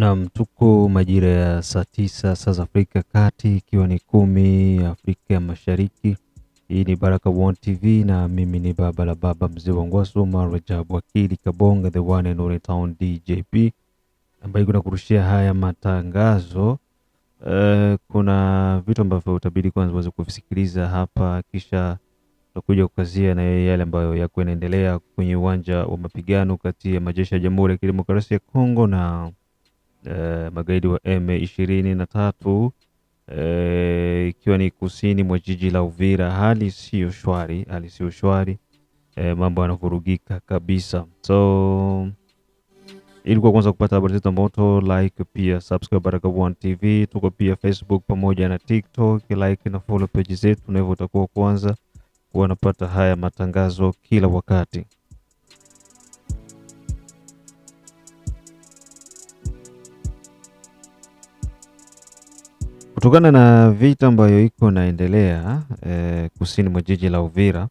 Naam, tuko majira ya saa tisa saa za Afrika ya Kati, ikiwa ni kumi Afrika ya Mashariki. Hii ni Baraka One TV na mimi ni baba la baba mzee wa Ngwasu Marajab Akili Kabonga, the one and only town DJP, ambaye kuna kurushia haya matangazo. Uh, kuna vitu ambavyo utabidi kwanza uweze kuvisikiliza hapa, kisha tutakuja kukazia na yale ambayo yako yanaendelea kwenye uwanja wa mapigano kati ya majeshi ya Jamhuri ya Kidemokrasia ya Kongo na Eh, magaidi wa M23 eh, ikiwa ni kusini mwa jiji la Uvira. Hali sio shwari, hali sio shwari eh, mambo yanavurugika kabisa. So ili kwa kwanza kupata habari zetu moto, like pia subscribe Baraka One TV. Tuko pia Facebook pamoja na TikTok, like na follow page zetu, na hivyo utakuwa kwanza kuwa napata haya matangazo kila wakati. Kutokana na vita ambayo iko naendelea e, kusini mwa jiji la Uvira,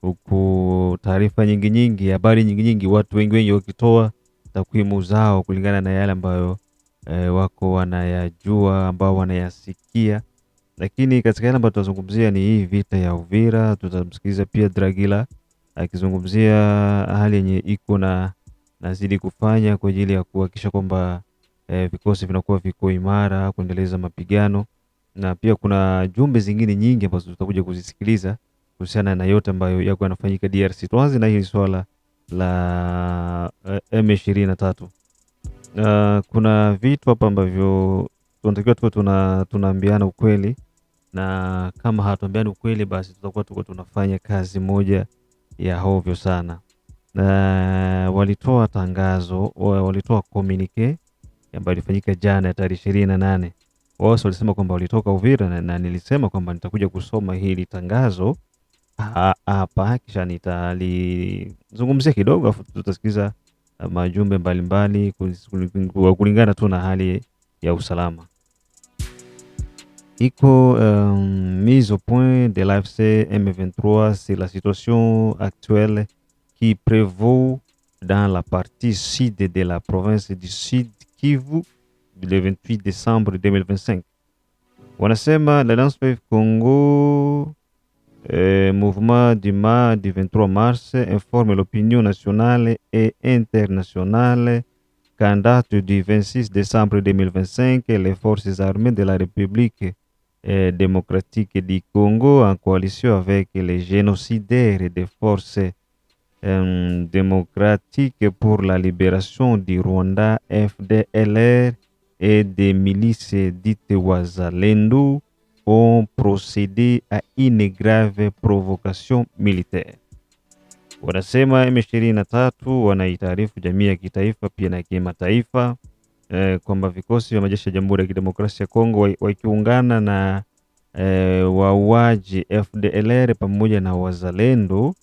huku taarifa nyingi nyingi, habari nyingi nyingi, watu wengi wengi wakitoa takwimu zao kulingana na yale ambayo e, wako wanayajua ambao wanayasikia, lakini katika yale ambayo tutazungumzia ni hii vita ya Uvira. Tutamsikiliza pia Dragila akizungumzia hali yenye iko na nazidi kufanya kwa ajili ya kuhakikisha kwamba eh, vikosi vinakuwa viko imara kuendeleza mapigano, na pia kuna jumbe zingine nyingi ambazo tutakuja kuzisikiliza kuhusiana na yote ambayo yako yanafanyika DRC. Tuanze na hili swala la uh, M23. Uh, kuna vitu hapa ambavyo tunatakiwa tuwe tuna tunaambiana ukweli, na kama hatuambiani ukweli, basi tutakuwa tuko tunafanya kazi moja ya hovyo sana. Uh, walitoa tangazo, walitoa communique ambayo ilifanyika jana ya tarehe ishirini na nane wao walisema kwamba walitoka Uvira na, na nilisema kwamba nitakuja kusoma hili tangazo ah, ah, hapa kisha nitalizungumzia kidogo, afu tutasikiliza ah, majumbe mbalimbali kulingana tu na hali ya usalama iko um, mise au point de l'AFC M23 sur la situation actuelle qui prévaut dans la partie sud de la province du sud Kivu le 28 décembre 2025. Wanasema la Lance Congo euh, mouvement du 23 mars informe l'opinion nationale et internationale qu'en date du 26 décembre 2025, les forces armées de la République euh, démocratique du Congo, en coalition avec les génocidaires des forces euh, démocratique pour la libération du Rwanda, FDLR, et des milices dites Wazalendo ont procédé à une grave provocation militaire. Wanasema M23 wanaitaarifu jamii ya kitaifa pia na kimataifa e, kwamba vikosi vya majeshi ya Jamhuri ya Kidemokrasia ya Kongo wakiungana na e, wauaji FDLR pamoja na Wazalendo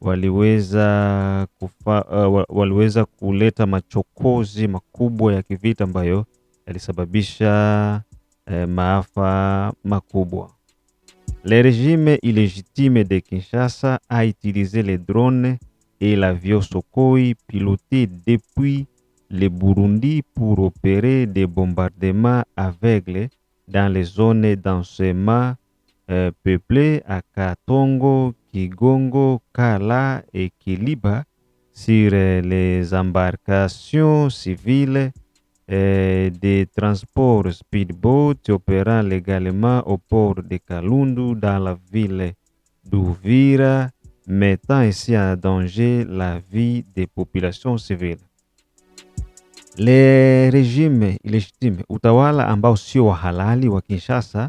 waliweza, kufa, uh, waliweza kuleta machokozi makubwa ya kivita ambayo yalisababisha uh, maafa makubwa. Le régime illégitime de Kinshasa a utilisé les drones et l'avion Sukhoi piloté depuis le Burundi pour opérer des bombardements aveugles dans les zones d'enseignement Euh, peuplé à Katongo, Kigongo, Kala et Kiliba sur les embarcations civiles et euh, des transports speedboat opérant légalement au port de Kalundu dans la ville d'Uvira, mettant ainsi en danger la vie des populations civiles. les régimes illégitimes, utawala ambao sio halali wa Kinshasa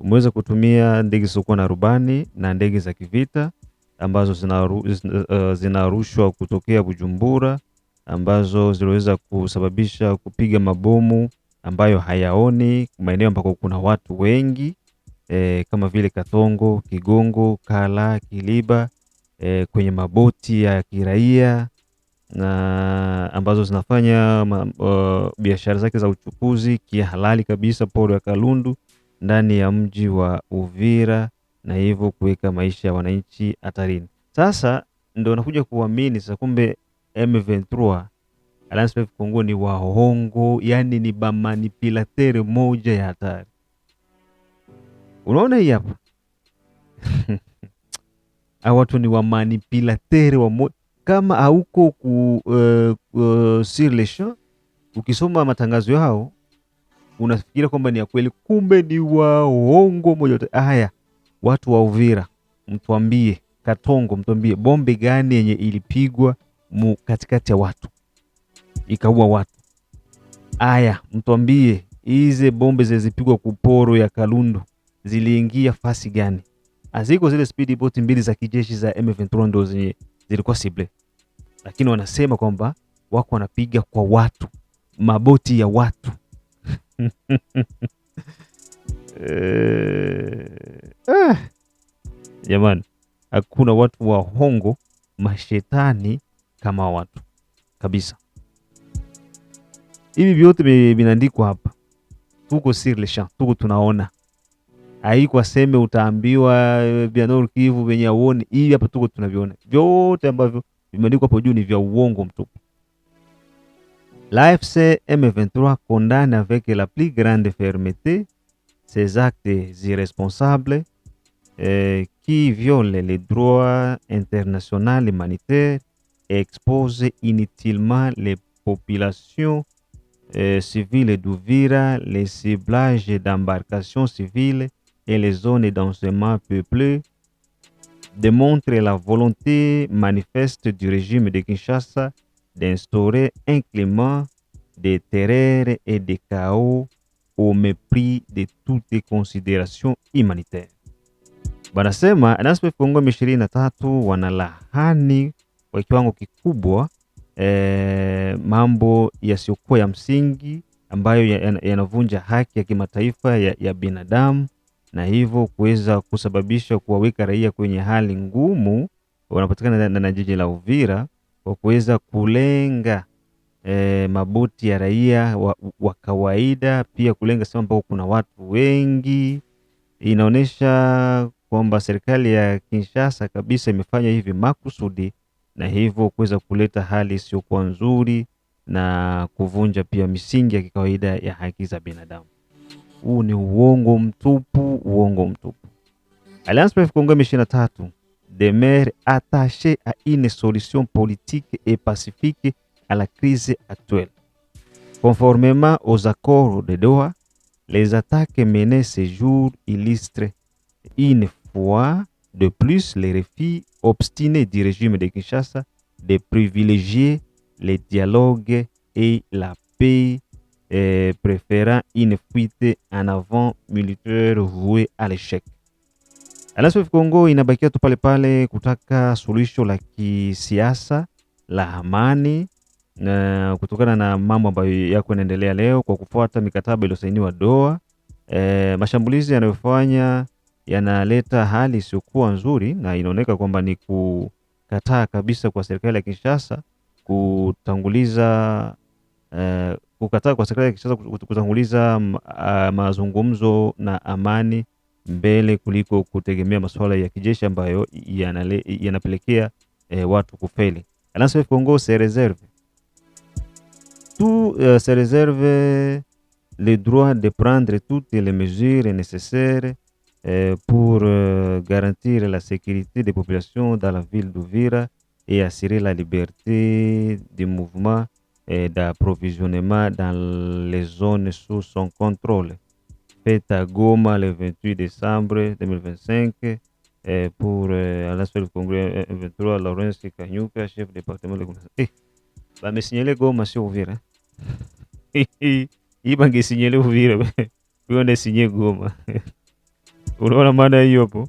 umeweza kutumia ndege zisizokuwa na rubani na ndege za kivita ambazo eh, zinarushwa uh, zina kutokea Bujumbura ambazo ziliweza kusababisha kupiga mabomu ambayo hayaoni maeneo ambako kuna watu wengi e, kama vile Katongo, Kigongo, Kala, Kiliba e, kwenye maboti ya kiraia na ambazo zinafanya uh, biashara zake za uchukuzi kihalali kabisa poro ya Kalundu ndani ya mji wa Uvira na hivyo kuweka maisha ya wananchi hatarini. Sasa ndio nakuja kuamini sasa, kumbe M23 Alliance Fleuve Congo ni wahongo, yani ni bamanipilatere moja ya hatari. Unaona hii hapa hawa watu ni wamanipilatere wa kama hauko ku, uh, uh, sur le champ ukisoma matangazo yao unafikiri kwamba ni ya kweli, kumbe ni waongo moja. Haya, watu wa Uvira, mtuambie, Katongo, mtuambie bombe gani yenye ilipigwa katikati ya watu ikaua watu? Haya, mtuambie hizi bombe zilizopigwa kuporo ya Kalundu ziliingia fasi gani? Aziko zile boat mbili za kijeshi za M23 ndio zenye zilikuwa sible, lakini wanasema kwamba wako wanapiga kwa watu, maboti ya watu. Eh. Eh. Jamani, hakuna watu wa hongo mashetani kama watu kabisa. Hivi vyote vinaandikwa hapa, tuko sirlesha, tuko tunaona. Haiko aseme utaambiwa eh, vya Nord Kivu venye auone hivi, hapa tuko tunaviona vyote ambavyo vimeandikwa hapo juu ni vya uongo mtupu. L'AFC M23 condamne avec la plus grande fermeté ces actes irresponsables euh, qui violent les droits internationaux humanitaires et exposent inutilement les populations euh, civiles d'Ouvira, les ciblages d'embarcations civiles et les zones densément peuplées démontrent la volonté manifeste du régime de Kinshasa d'instaurer un climat de terreur et de chaos au mépris de toutes considérations humanitaires. Wanasema Rais wa M23 wanalaani kwa kiwango kikubwa eh, mambo yasiyokuwa ya msingi ambayo yanavunja ya, ya haki ya kimataifa ya, ya binadamu na hivyo kuweza kusababisha kuwaweka raia kwenye hali ngumu wanapatikana na, na, na jiji la Uvira kwa kuweza kulenga e, eh, maboti ya raia wa, wa kawaida, pia kulenga sehemu ambao kuna watu wengi. Inaonyesha kwamba serikali ya Kinshasa kabisa imefanya hivi makusudi na hivyo kuweza kuleta hali isiyokuwa nzuri na kuvunja pia misingi ya kikawaida ya haki za binadamu. Huu ni uongo mtupu, uongo mtupu. Alliance PF Congo M23 des attachée à une solution politique et pacifique à la crise actuelle. Conformément aux accords de Doha, les attaques menées ces jours illustrent une fois de plus les refus obstinés du régime de Kinshasa de privilégier les dialogues et la paix, euh, préférant une fuite en avant militaire vouée à l'échec. LSF Kongo inabakia tu pale pale kutaka suluhisho la kisiasa la amani na kutokana na mambo ambayo yako yanaendelea leo kwa kufuata mikataba iliyosainiwa Doha. E, mashambulizi yanayofanya yanaleta hali isiyokuwa nzuri na inaoneka kwamba ni kukataa kabisa kwa serikali ya Kinshasa kutanguliza e, kukataa kwa serikali ya Kinshasa kutanguliza mm, ah, mazungumzo na amani. mbele kuliko kutegemea masuala ya kijeshi ambayo yanapelekea eh, watu Congo se reserve tout euh, se réserve le droit de prendre toutes les mesures nécessaires euh, pour euh, garantir la sécurité des populations dans la ville d'Uvira et assurer la liberté de mouvement et d'approvisionnement dans les zones sous son contrôle. faite à Goma le 28 décembre 2025 et eh, pour euh, à la du Congrès 23 Laurence Kanyuka, chef département de la Eh, bah me signaler Goma sio Uvira. Hii bange sinyele Uvira. Huyo ndiye sinye Goma. Unaona maana hiyo hapo?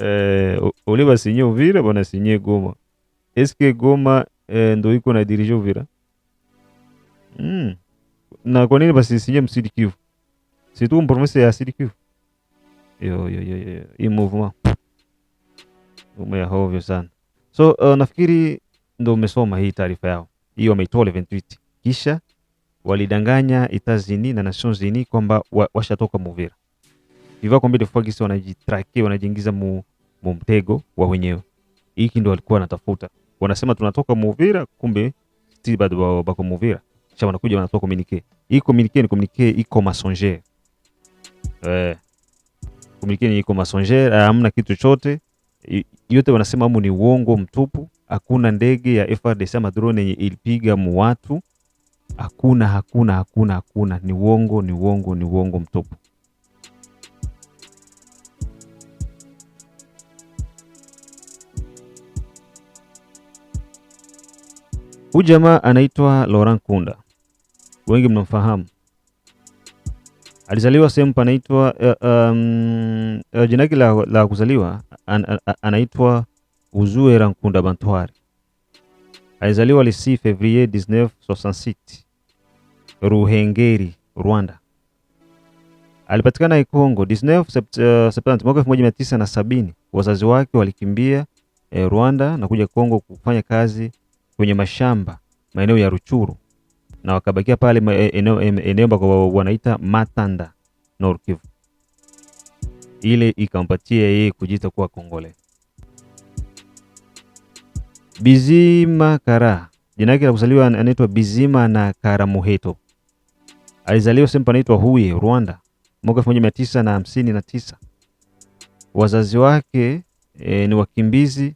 Eh, ule basinye Uvira bana sinye Goma. Eske Goma eh, ndo iko na dirige Uvira? Hmm. Na kwa nini basi sinye Msidi Kivu? surtout pour moi, c'est assez cuve. Yo, yo, yo, yo. Hii movement umehovyo sana. So uh, nafikiri ndo umesoma hii taarifa yao hiyo, wameitoa le 28 kisha walidanganya Etazini na Nations Unies kwamba washatoka wa Muvira iva kombe de fois wanajitrake wanajiingiza mu, mu mtego wa wenyewe. Hiki ndo walikuwa wanatafuta, wanasema tunatoka Muvira, kumbe bado bako Muvira, kisha wanakuja wanatoa communique. Hii communique ni communique iko masonger eh, kumikini iko masonjera, hamna kitu chote yote wanasema amu ni uongo mtupu. Hakuna ndege ya frdc ama drone yenye ilipiga mu hakuna hakuna hakuna hakuna, ni uongo ni uongo ni uongo mtupu. Huyu jamaa anaitwa Laurent Kunda, wengi mnamfahamu Alizaliwa sehemu panaitwa uh, um, uh, jina lake la, la kuzaliwa an, an, anaitwa Uzuera Nkunda Bantwari. Alizaliwa le 6 Fevrier 1966 Ruhengeri, Rwanda. Alipatikana Ikongo 19 Septemba eh, mwaka 1970. Wazazi wake walikimbia eh, Rwanda na kuja Kongo kufanya kazi kwenye mashamba maeneo ya Ruchuru na wakabakia pale e, eneo, eneo ambako wanaita Matanda North Kivu, ile ikampatia yeye kujita kuwa Kongole. Bizima Kara jina lake la kuzaliwa anaitwa Bizima na Kara Muheto, Alizaliwa sehemu panaitwa Huye, Rwanda mwaka 1959. Wazazi wake e, ni wakimbizi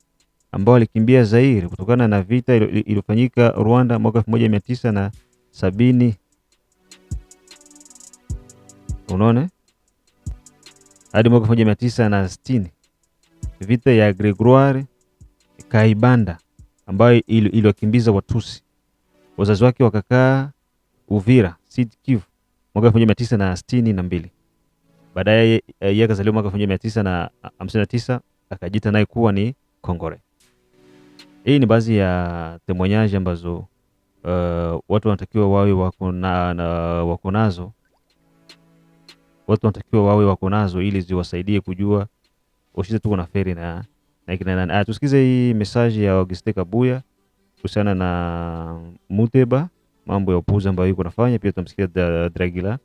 ambao walikimbia Zaire kutokana na vita iliyofanyika Rwanda mwaka 1959 sabini. Unaona, hadi mwaka elfu moja mia tisa na sitini vita ya Gregoire Kaibanda ambayo iliwakimbiza Watusi. Wazazi wake wakakaa Uvira, Sud Kivu mwaka elfu moja mia tisa na sitini na mbili. Baadaye eh, yeye akazaliwa mwaka elfu moja mia tisa na ah, hamsini na tisa akajita naye kuwa ni Kongore. Hii ni baadhi ya temoignage ambazo uh, watu wanatakiwa wawe wako na, na, wako nazo watu wanatakiwa wawe wako nazo ili ziwasaidie kujua ushize tuko na feri na, na, kina nani. Ah, Tusikize hii message ya Auguste Kabuya kuhusiana na Muteba, mambo ya upuuzi ambayo iko nafanya. Pia tutamsikia Dragila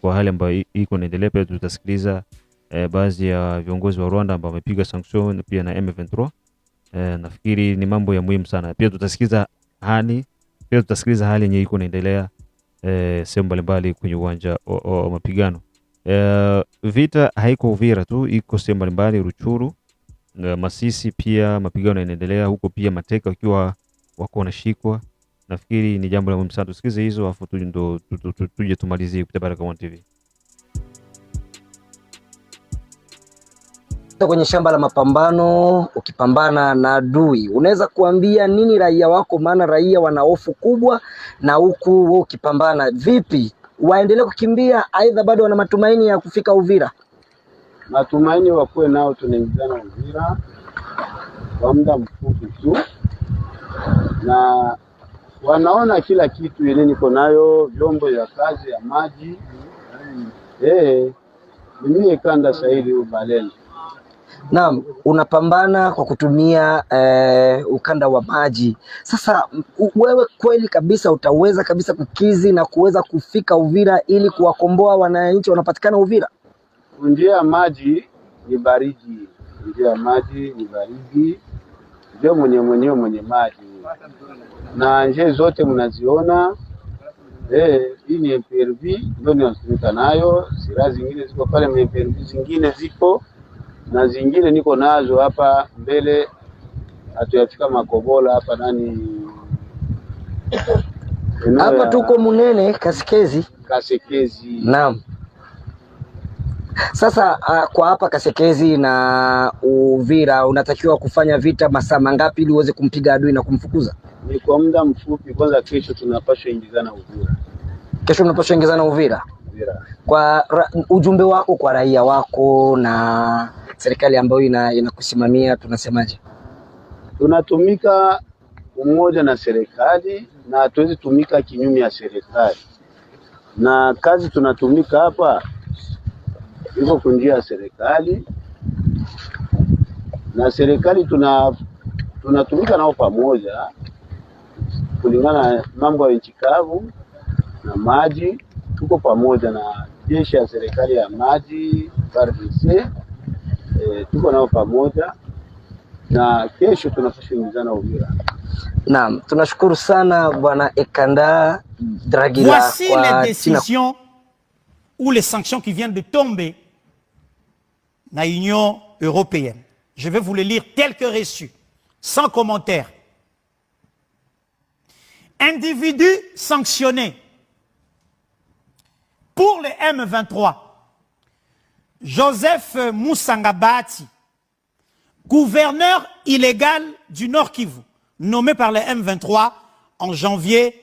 kwa hali ambayo iko inaendelea. Pia tutasikiliza eh, baadhi ya viongozi wa Rwanda ambao wamepiga sanction pia na M23. Eh, nafikiri ni mambo ya muhimu sana. Pia tutasikiza hani pia tutasikiliza hali yenye iko inaendelea e, sehemu mbalimbali kwenye uwanja wa mapigano. E, vita haiko Uvira tu, iko sehemu mbalimbali Ruchuru, e, Masisi pia mapigano yanaendelea huko, pia mateka wakiwa wako wanashikwa. Nafikiri ni jambo la muhimu sana, tusikize hizo afu tuje tumalizie kupitia Baraka1 TV. Kwenye shamba la mapambano, ukipambana na adui unaweza kuambia nini raia wako? Maana raia wana hofu kubwa, na huku wewe ukipambana vipi, waendelee kukimbia aidha bado wana matumaini ya kufika Uvira? Matumaini wakuwe nao, tunaingizana Uvira kwa muda mfupi tu, na wanaona kila kitu ile niko nayo, vyombo ya kazi ya maji. Mm. Eh, hey, mimi kanda shahidi ubalenzi Naam, unapambana kwa kutumia eh, ukanda wa maji. Sasa wewe kweli kabisa utaweza kabisa kukizi na kuweza kufika Uvira ili kuwakomboa wananchi wanapatikana Uvira? Njia ya maji ni baridi, njia ya maji ni baridi, ndio mwenye mwenyewe mwenye maji na njia zote mnaziona. Eh, hii ni MPRV ndio ninatumika nayo, silaha zingine ziko pale, MPRV zingine zipo na zingine niko nazo hapa mbele, hatuyafika Makobola hapa nani hapa tuko Munene Kasekezi, Kasekezi. Naam. Sasa uh, kwa hapa Kasekezi na Uvira unatakiwa kufanya vita masaa mangapi ili uweze kumpiga adui na kumfukuza? Ni kwa muda mfupi. Kwanza kesho tunapaswa ingizana Uvira. Kesho mnapaswa ingizana Uvira. Uvira. Kwa ra, ujumbe wako kwa raia wako na serikali ambayo inakusimamia ina tunasemaje? Tunatumika umoja na serikali na hatuwezi tumika kinyume ya serikali, na kazi tunatumika hapa iko kunjia ya serikali na serikali tuna tunatumika nao pamoja kulingana na mambo ya nchi kavu na maji, tuko pamoja na jeshi ya serikali ya maji RDC. Voici les décisions ou les sanctions qui viennent de tomber dans Union européenne. Je vais vous les lire tel que reçu, sans commentaire. Individus sanctionnés pour le M23 Joseph Moussangabati, gouverneur illégal du Nord Kivu, nommé par le M23 en janvier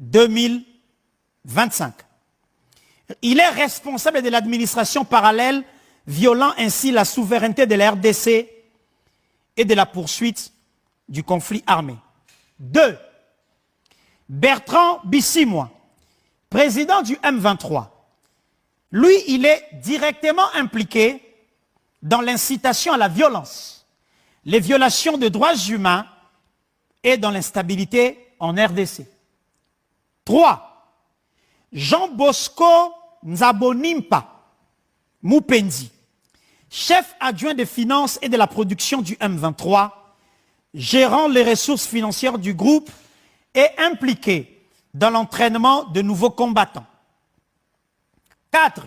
2025. Il est responsable de l'administration parallèle, violant ainsi la souveraineté de la RDC et de la poursuite du conflit armé. 2. Bertrand Bissimois, président du M23, lui, il est directement impliqué dans l'incitation à la violence, les violations de droits humains et dans l'instabilité en RDC. 3. Jean Bosco Nzabonimpa Mupendi, chef adjoint des finances et de la production du M23, gérant les ressources financières du groupe est impliqué dans l'entraînement de nouveaux combattants. 4.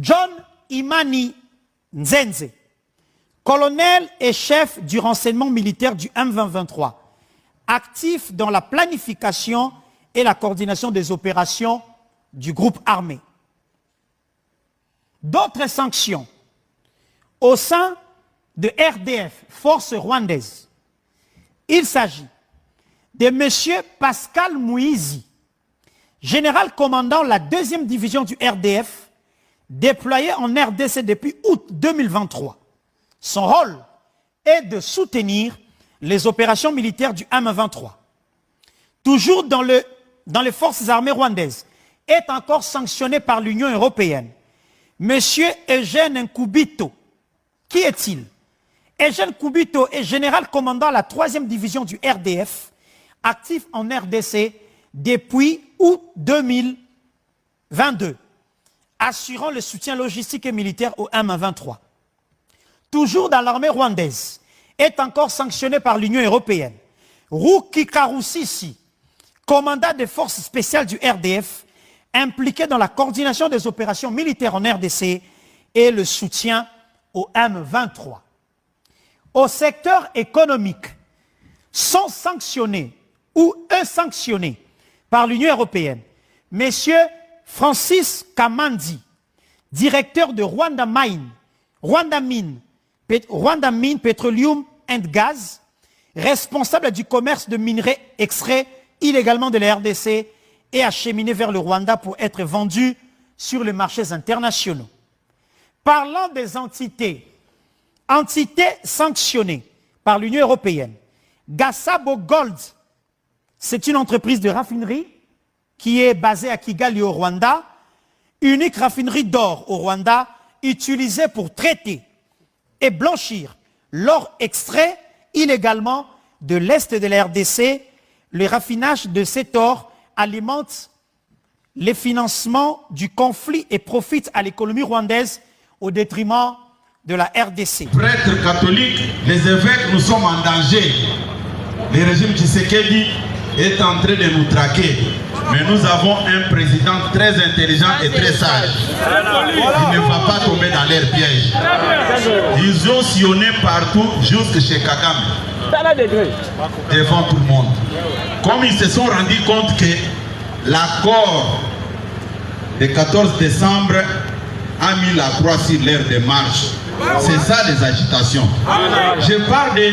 John Imani Nzenze, colonel et chef du renseignement militaire du M2023, actif dans la planification et la coordination des opérations du groupe armé. D'autres sanctions au sein de RDF, Force rwandaise. Il s'agit de M. Pascal Mouizi, général commandant la deuxième division du RDF, déployé en RDC depuis août 2023. Son rôle est de soutenir les opérations militaires du m 23 Toujours dans, les forces armées rwandaises, est encore sanctionné par l'Union européenne. Monsieur Eugène Nkubito, qui est-il Eugène Nkubito est général commandant la troisième division du RDF, actif en RDC depuis août 2022, assurant le soutien logistique et militaire au m 23 toujours dans l'armée rwandaise, est encore sanctionné par l'Union européenne. Ruki Karusisi, commandant des forces spéciales du RDF, impliqué dans la coordination des opérations militaires en RDC et le soutien au M23. Au secteur économique, sont sanctionnés ou insanctionnés par l'Union européenne. Monsieur Francis Kamandi, directeur de Rwanda Mine, Rwanda Mine, Petroleum and Gas, responsable du commerce de minerais extraits illégalement de la RDC et acheminés vers le Rwanda pour être vendus sur les marchés internationaux. Parlant des entités, entités sanctionnées par l'Union européenne, Gassabo Gold, c'est une entreprise de raffinerie qui est basée à Kigali au Rwanda, unique raffinerie d'or au Rwanda, utilisée pour traiter et blanchir l'or extrait illégalement de l'Est de la RDC. Le raffinage de cet or alimente les financements du conflit et profite à l'économie rwandaise au détriment de la RDC. Prêtres catholiques, les évêques, nous sommes en danger. Le régime dit est en train de nous traquer. Mais nous avons un président très intelligent et très sage. Il ne va pas tomber dans l'air piège. Ils ont sillonné partout jusque chez Kagame. Devant tout le monde. Comme ils se sont rendus compte que l'accord du 14 décembre a mis la croix sur l'air démarche, C'est ça les agitations. Je parle de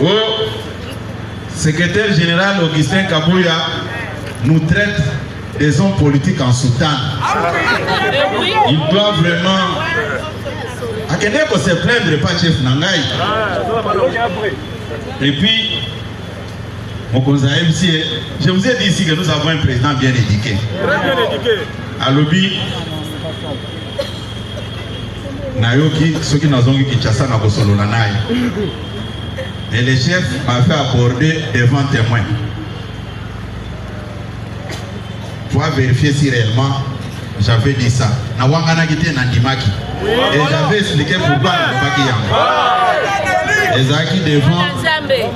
Oh, secrétaire général Augustin Kabouya nous traite des hommes politiques en soutane. Il doit vraiment... qu'on se plaindre, pas chef Nangai. Et puis, mon je vous ai dit ici que nous avons un président bien éduqué. Très bien éduqué. À qui nayoki soki nazongi kinshasa et le chef m'a fait aborder devant témoins. Pour vérifier si réellement j'avais dit ça. Na wangana na ndimaki. Et j'avais expliqué pourquoi na ndimaki yango. devant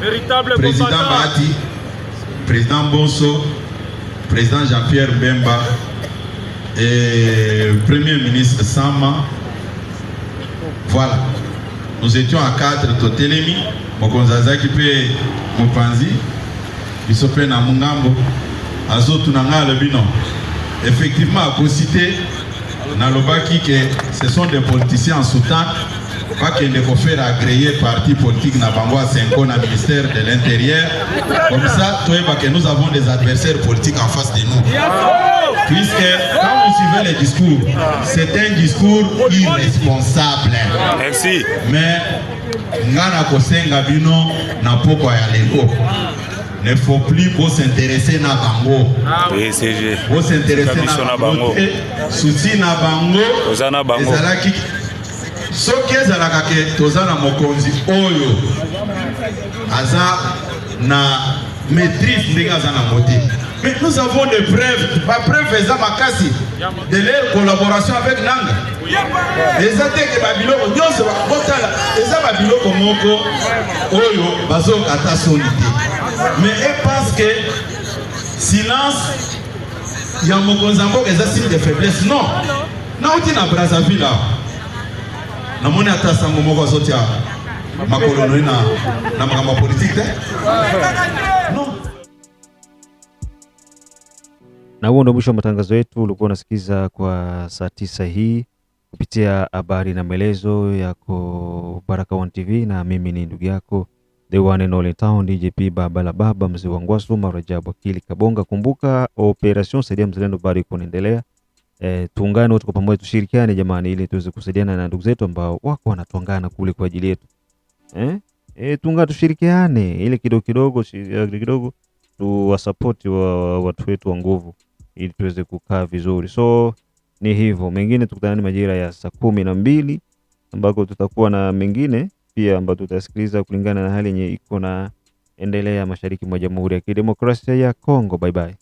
Véritable président Bati, président Bonso, président Jean-Pierre Bemba et premier ministre Sama. Voilà nous étions à quatre totelemi Mokonzazaki Pé mopanzi Isopé, Namungambo, na mongambo azotuna Bino. Effectivement, effectivement à te nalobaki que ce sont des politiciens en ne vont faire agréer parti politique n'avant bango le cinco ministère de l'intérieur comme ça que nous avons des adversaires politiques en face de nous puisque quand vous suivez les discours, c'est un discours irresponsable. Merci. Mais nga na kosenga bino na pokwa ya lelo ne faut plus bosintéresse na bango bosintéresse na bango te susi na bango ezalaki soki ezalaka ke toza na mokonzi oyo aza na maîtrise ndenge aza na motema Mais nous avons des preuves, pas preuve eza makasi de leur collaboration avec nanga eza teke babiloko nyonso bakotala eza babiloko moko oyo bazokata soni te mais epasse que silence ya mokonzi ya mboka eza signe de faiblesse non nauti na brazzaville awa namoni ata sango moko azotia makolo noi na makambo ya politike te non Na huo ndio mwisho wa matangazo yetu. Ulikuwa unasikiza kwa saa tisa hii kupitia habari na maelezo yako Baraka One TV, na mimi ni ndugu yako the one and only town DJP baba la baba mzee wa Ngwasu Marajabu Akili Kabonga. Kumbuka operation saidia mzalendo bado iko inaendelea. E, tuungane wote kwa pamoja, tushirikiane jamani, ili tuweze kusaidiana na ndugu zetu ambao wako wanatuangana kule kwa ajili yetu eh? E, tuungane tushirikiane, ili kidogo kidogo eh, kidogo tuwasapoti wa watu wetu wa nguvu ili tuweze kukaa vizuri. So ni hivyo, mengine tukutanani majira ya saa kumi na mbili ambako tutakuwa na mengine pia ambayo tutasikiliza kulingana na hali yenye iko na endelea mashariki mwa Jamhuri ya Kidemokrasia ya Kongo. Bye bye.